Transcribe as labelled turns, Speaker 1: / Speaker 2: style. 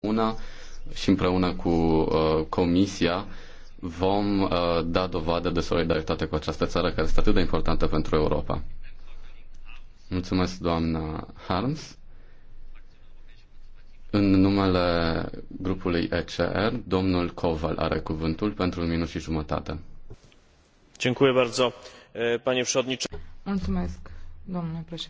Speaker 1: una și împreună cu uh, Comisia vom uh, da dovadă de solidaritate cu această țară care este atât de importantă pentru Europa. Mulțumesc, doamna Harms. În numele grupului ECR, domnul Koval are cuvântul pentru un minut și jumătate.
Speaker 2: Mulțumesc, domnule președinte.